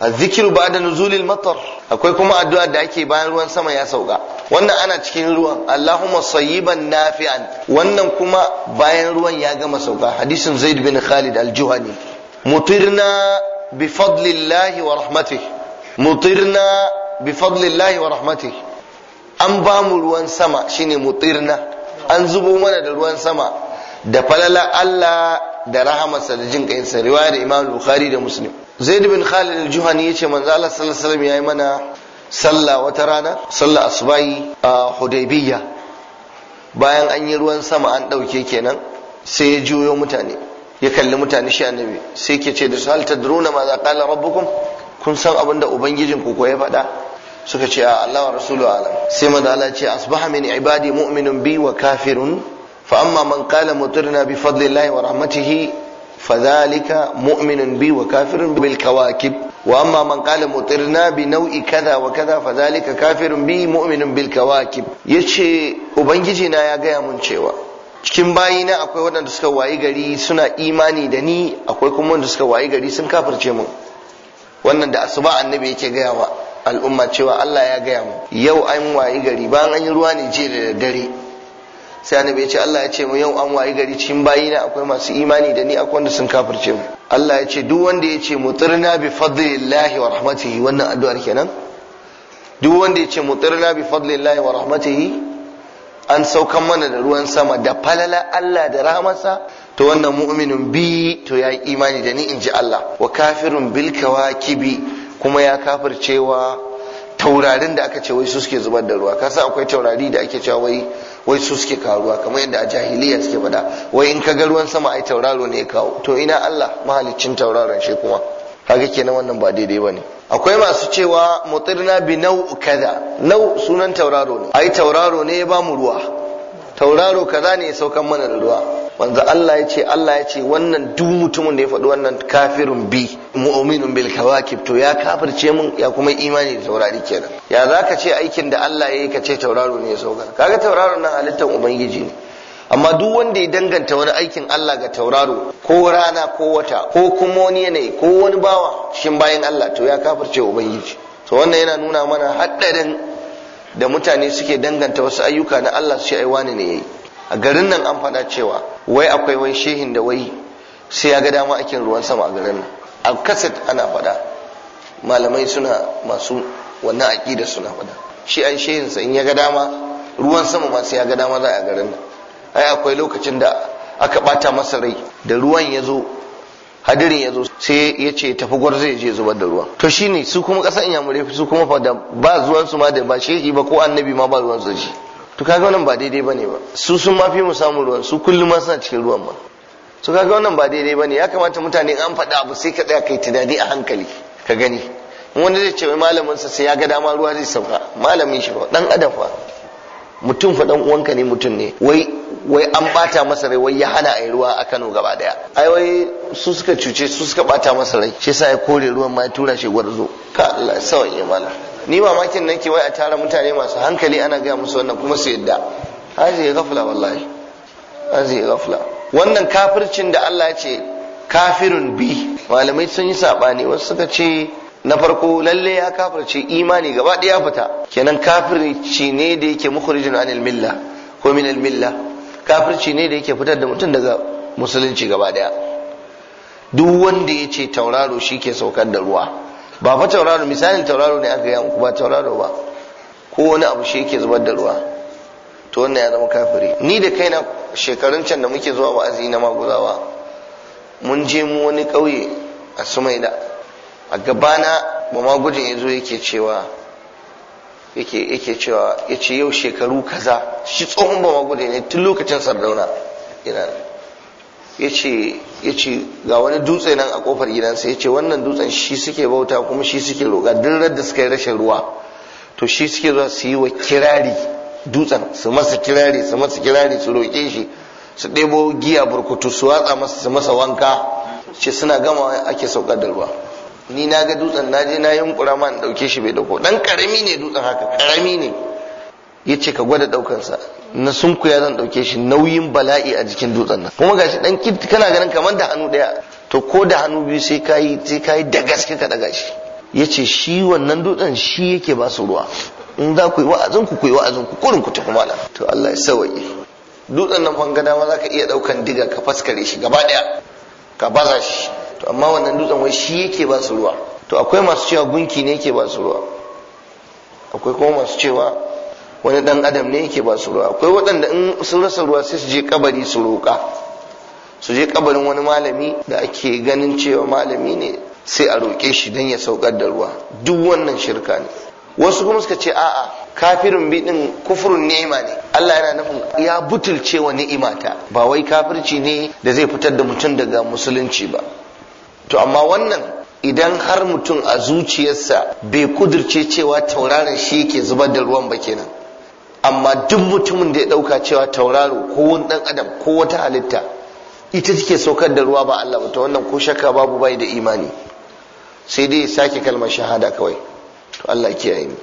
azzikiru ba'da nuzulil matar akwai kuma addu'a da ake bayan ruwan sama ya sauka wannan ana cikin ruwan Allahumma sayyiban nafi'an wannan kuma bayan ruwan ya gama sauka hadisin Zaid bin Khalid al-Juhani mutirna bi fadlillahi wa rahmatihi mutirna bi fadlillahi wa rahmatihi an ba mu ruwan sama shine mutirna an zubo mana da ruwan sama da falala Allah da rahamarsa da jin kayinsa riwaya da Imam Bukhari da Muslim zaid bin khalid al-juhani yace manzo Allah sallallahu alaihi wasallam yayi mana sallah wata rana sallah asbahi a hudaybiyya bayan an yi ruwan sama an dauke kenan sai ya juyo mutane ya kalli mutane shi annabi sai yake ce da su hal tadruna ma za qala rabbukum kun san abinda ubangijin ku ya faɗa suka ce a Allah wa rasulu alam sai manzo Allah ce asbaha min ibadi mu'minun bi wa kafirun fa amma man qala mutirna bi fadlillahi wa rahmatihi فذلك مؤمن بي وكافر بالكواكب واما من قال مطرنا بنوع كذا وكذا فذلك كافر بي مؤمن بالكواكب yace ubangiji na ya gaya mun cewa cikin bayina akwai waɗanda suka wayi gari suna imani da ni akwai kuma waɗanda suka wayi gari sun kafirce mu wannan da asuba annabi yake gaya wa al'umma cewa Allah ya gaya mu yau an wayi gari bayan an yi ruwa ne jiya da dare sai annabi ya ce Allah ya ce mu yau an wayi gari cikin bayina akwai masu imani da ni akwai wanda sun kafirce mu Allah ya ce duk wanda ya ce mutirna bi fadlillahi wa rahmatihi wannan addu'ar kenan duk wanda ya ce mutirna bi fadlillahi wa rahmatihi an saukan mana da ruwan sama da falala Allah da rahmasa to wannan mu'minun bi to ya yi imani da ni in ji Allah wa kafirun bil kawakibi kuma ya kafircewa taurarin da aka ce wai su suke zubar da ruwa kasa akwai taurari da ake cewa wai wai su suke karuwa kamar yadda a jahiliya suke faɗa wai in ka ga ruwan sama ai tauraro ne kawo to ina Allah mahaliccin tauraron shi kuma kaga kenan wannan ba daidai bane akwai masu cewa mutirna bi nau kaza nau sunan tauraro ne ai tauraro ne ya bamu ruwa tauraro kaza ne ya saukan mana da ruwa manzo Allah ya ce Allah ya ce wannan duk mutumin da ya faɗi wannan kafirun bi mu'minun bil kawakib to ya kafirce mun ya kuma imani da taurari kenan ya zaka ce aikin da Allah ya yi ka ce tauraro ne ya saukar kaga tauraro nan halittar ubangiji ne amma duk wanda ya danganta wani aikin Allah ga tauraro ko rana ko wata ko kuma wani yanayi ko wani bawa shin bayan Allah to ya kafirce ubangiji to wannan yana nuna mana haɗarin da mutane suke danganta wasu ayyuka na Allah su ce ai wani ne yayi a garin nan an faɗa cewa wai akwai wani shehin da wai sai ya ga dama ake ruwan sama a garin nan a kaset ana faɗa malamai suna masu wannan aƙida suna faɗa shi an shehin sa in ya ga dama ruwan sama ma sai ya ga dama za a garin nan ai akwai lokacin da aka ɓata masa rai da ruwan ya zo hadirin ya zo sai ya ce tafi gwarzai je zubar da ruwan to shine su kuma ƙasar inyamurai su kuma fada ba zuwansu ma da ba shehi ba ko annabi ma ba zuwansu da shi to kaga wannan ba daidai bane ba su sun ma fi mu samu ruwan su kullum suna cikin ruwan ba. to kaga wannan ba daidai bane ya kamata mutane an faɗa abu sai ka tsaya kai tunani a hankali ka gani wanda zai ce wai malamin sa sai ya ga dama ruwa zai sauka malamin shi ba dan adam fa mutum fa dan uwanka ne mutum ne wai wai an bata masa rai wai ya hana ayi ruwa a Kano gaba daya ai wai su suka cuce su suka bata masa rai shi yasa ya kore ruwan ma ya tura shi gwarzo ka Allah sauye mana ni mamakin nan ke wai a tara mutane masu hankali ana gaya musu wannan kuma su yadda hazi ya gafla wallahi hazi ya gafla wannan kafircin da Allah ya ce kafirun bi malamai sun yi sabani wasu suka ce na farko lalle ya kafirce imani gaba ɗaya fita kenan kafirci ne da yake mukhrijun anil milla ko min al milla kafirci ne da yake fitar da mutum daga musulunci gaba ɗaya duk wanda ya ce tauraro shi ke saukar da ruwa ba fa tauraro misalin tauraro ne aka yi muku ba tauraro ba ko wani abu shi yake zubar da ruwa to wannan ya zama kafiri ni da kaina shekarun can da muke zuwa wa'azi na maguzawa mun je mu wani ƙauye a sumaida a gabana ba magujin ya zo yake cewa yake yake cewa ya ce yau shekaru kaza shi tsohon ba maguje ne tun lokacin sardauna ina ya ce ya ce ga wani dutse nan a kofar gidansa ya ce wannan dutsen shi suke bauta kuma shi suke roƙa duk da suka yi rashin ruwa to shi suke zuwa su yi wa kirari dutsen su masa kirari su masa kirari su roƙe shi su ɗebo giya burkutu su watsa masa su masa wanka ce suna gama ake saukar da ruwa ni na ga dutsen na je na yunkura ma in ɗauke shi bai ɗauko dan karami ne dutsen haka ƙarami ne ya ce ka gwada ɗaukansa na ya zan dauke shi nauyin bala'i a jikin dutsen nan kuma gashi dan kit kana ganin kamar da hannu daya to ko da hannu biyu sai kai sai kai da gaske ka daga shi yace shi wannan dutsen shi yake ba su ruwa in za ku yi wa'azin ku ku yi wa'azin ku kurin ku tafi mala to Allah ya sawaye dutsen nan fanga dama za ka iya daukan diga ka faskare shi gaba daya ka baza shi to amma wannan dutsen wai shi yake ba su ruwa to akwai masu cewa gunki ne yake ba su ruwa akwai kuma masu cewa wani dan adam ne yake ba su ruwa akwai waɗanda in sun rasa ruwa sai su je kabari su roƙa su je kabarin wani malami da ake ganin cewa malami ne sai a roƙe shi don ya saukar da ruwa duk wannan shirka ne wasu kuma suka ce a'a kafirin biɗin kufurin ni'ima ne Allah yana nufin ya butulce wa ni'imata ba wai kafirci ne da zai fitar da mutum daga musulunci ba to amma wannan idan har mutum a zuciyarsa bai kudirce cewa tauraron shi yake zubar da ruwan ba kenan amma duk mutumin da ya dauka cewa tauraro ko wani dan adam ko wata halitta ita take saukar da ruwa ba Allah ba to wannan ko shakka babu bai da imani sai dai ya sake kalmar shahada kawai to Allah kiyaye ni.